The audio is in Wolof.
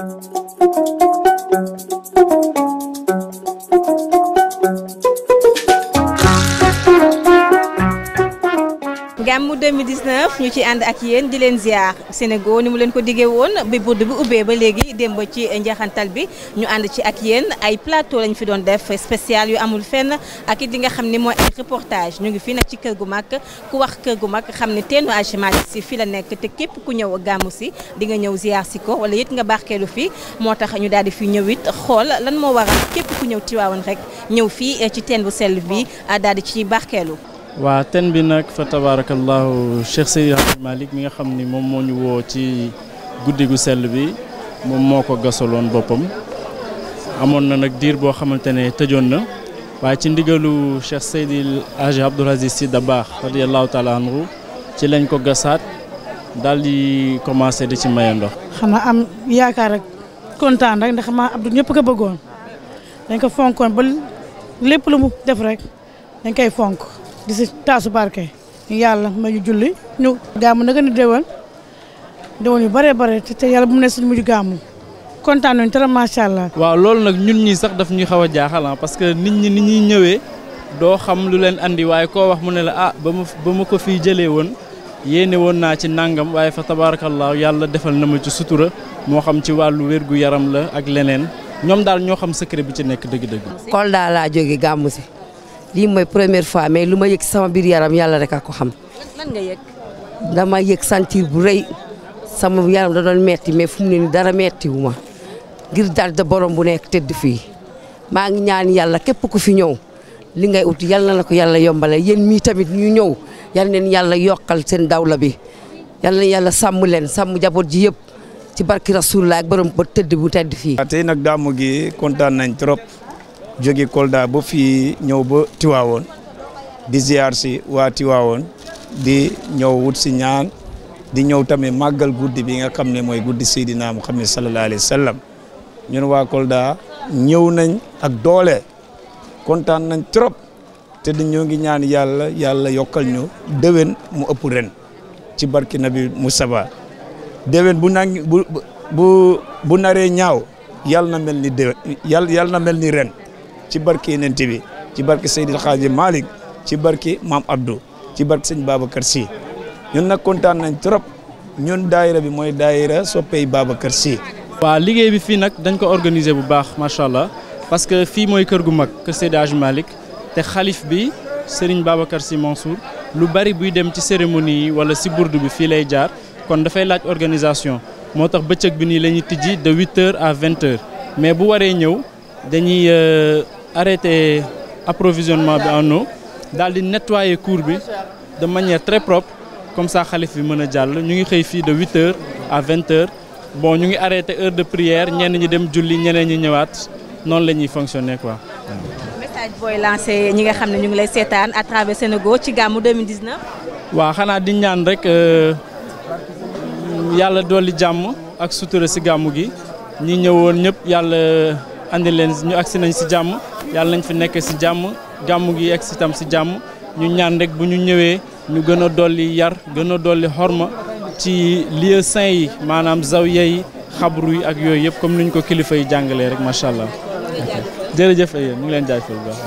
Thank you. gàmmu 2019 ñu ci ànd ak yéen di leen ziar Sénégal ni mu leen ko diggee woon bi burd bi ubbee ba léegi démb ci njaxantal bi ñu ànd ci ak yéen ay plateau lañ fi doon def spécial yu amul fenn ak it li nga xam ni mooy ay reportage ñu ngi fi nag ci kër gu mag ku wax kër gu mag xam ne teenu agiment si fi la nekk te képp ku ñëw gàmmu si di nga ñëw ziar si ko wala yit nga barkeelu fi moo tax ñu daal di fi ñëw it xool lan moo waral képp ku ñëw Tiwaawan rek ñëw fii ci teen bu sell bi daal di ci barkeelu waa ten bi nag fa tabaarakallaahu Cheikh Seydi Hadji Malick mi nga xam ni moom moo ñu woo ci guddi gu sell bi moom moo ko gasaloon boppam amoon na nag diir boo xamante ne tëjoon na waaye ci ndigalu Cheikh Seydi Hadji Abdoul Aziz Sy Dabakh radiyallaahu taala anhu ci lañ ko gasaat dal di commencé di ci maye ndox. xanaa am yaakaar ak kontaan rek ndax ma Abdou ñëpp ko bëggoon dañ ko fonkoon ba lépp lu mu def rek dañ koy fonk. di si taasu barke yàlla ma ñu julli ñu gàmmu nag ni déwén déwén yu bare bare te yàlla bu mu ne suñu mujj gàmmu kontaan nañu trop macha allah. waaw loolu nag ñun ñi sax daf ñuy xaw a jaaxal ah, parce que nit ñi ni ñuy ñëwee doo xam lu leen andi waaye koo wax mu ne la ah ba ma ba mu ko fii jëlee woon yéene woon naa ci nàngam waaye fa tabaarakallaa yàlla defal na ma ci sutura moo xam ci wàllu wérgu yaram la ak leneen ñoom daal ñoo xam secret bi ci nekk dëgg lii mooy première fois mais lu ma yëg sama yaram yàlla rek a ko xam. lan nga yëg. dama yëg sentir bu rëy sama yaram da doon metti mais fu mu dara metti wu ma ngir dal da borom bu nekk tëdd fii maa ngi ñaan yàlla képp ku fi ñëw li ngay ut yàlla na ko yàlla yombale yéen mii tamit ñu ñëw yal neen yàlla yokkal seen dawla bi yal na yàlla sàmm leen sàmm jaboot ji yëpp ci barki rasulullah ak borom ba tëdd bu tëdd fii. nag gàmmu gi kontaan nañ trop. jóge Kolda ba fi ñëw ba Tiwaawoon di ziar si waa Tiwaawoon di ñëw wut si ñaan di ñëw tamit màggal guddi bi nga xam ne mooy guddi Seydina Muhammad sallallahu alayhi wa sallam ñun waa Kolda ñëw nañ ak doole kontaan nañ trop te di dañoo ngi ñaan yàlla yàlla yokkal ñu déwén mu ëpp ren ci barki nabi Mustafa déwén bu bu naree ñaaw yàlla na mel ni déwén yàlla na mel ni ren ci barke Yonent bi ci barke Seydil Xaaji Malick ci barke Maam Abdou ci barke sëñ Babacar si ñun nag kontaan nañ trop ñun daayira bi mooy daayira baaba Babacar si waaw liggéey bi fii nag dañ ko organiser bu baax macha allah parce que fii mooy kër gu mag kër Seydi Hadji Malick te xalif bi Serigne Babacar si Mansour lu bari buy dem ci cérémonie yi wala si burdu bi fii lay jaar kon dafay laaj organisation moo tax bëccëg bi nii la ñuy tijji de huit heures à vingt mais bu waree ñëw euh, arrêté approvisionnement bi en eau daal di nettoyer cour bi de manière très propre comme ça xalif bi mën a jàll ñu ngi xëy fii de huit heures à bon ñu ngi arrêté heure de prière ñenn ñi dem julli ñeneen ñi ñëwaat noonu la ñuy fonctionner quoi. message booy lancé ñi nga xam ne ñu ngi lay seetaan à travers Sénégal ci gàmmu 2019. waaw xanaa di ñaan rek euh, yàlla dolli jàmm ak sutura si gàmmu gi ñi ñëwoon ñëpp yàlla. andi leen ñu agsi nañ si jàmm yàlla nañ fi nekk si jàmm gàmmu gi agsi tam si jàmm ñu ñaan rek bu ñu ñëwee ñu gën a dolli yar gën a dolli xorma ci lieu saint yi maanaam zawiya yi xabru yi ak yooyu yëpp comme ñu ko kilifa yi jàngalee rek macha allah. jërëjëf ay ngi leen jaajëfal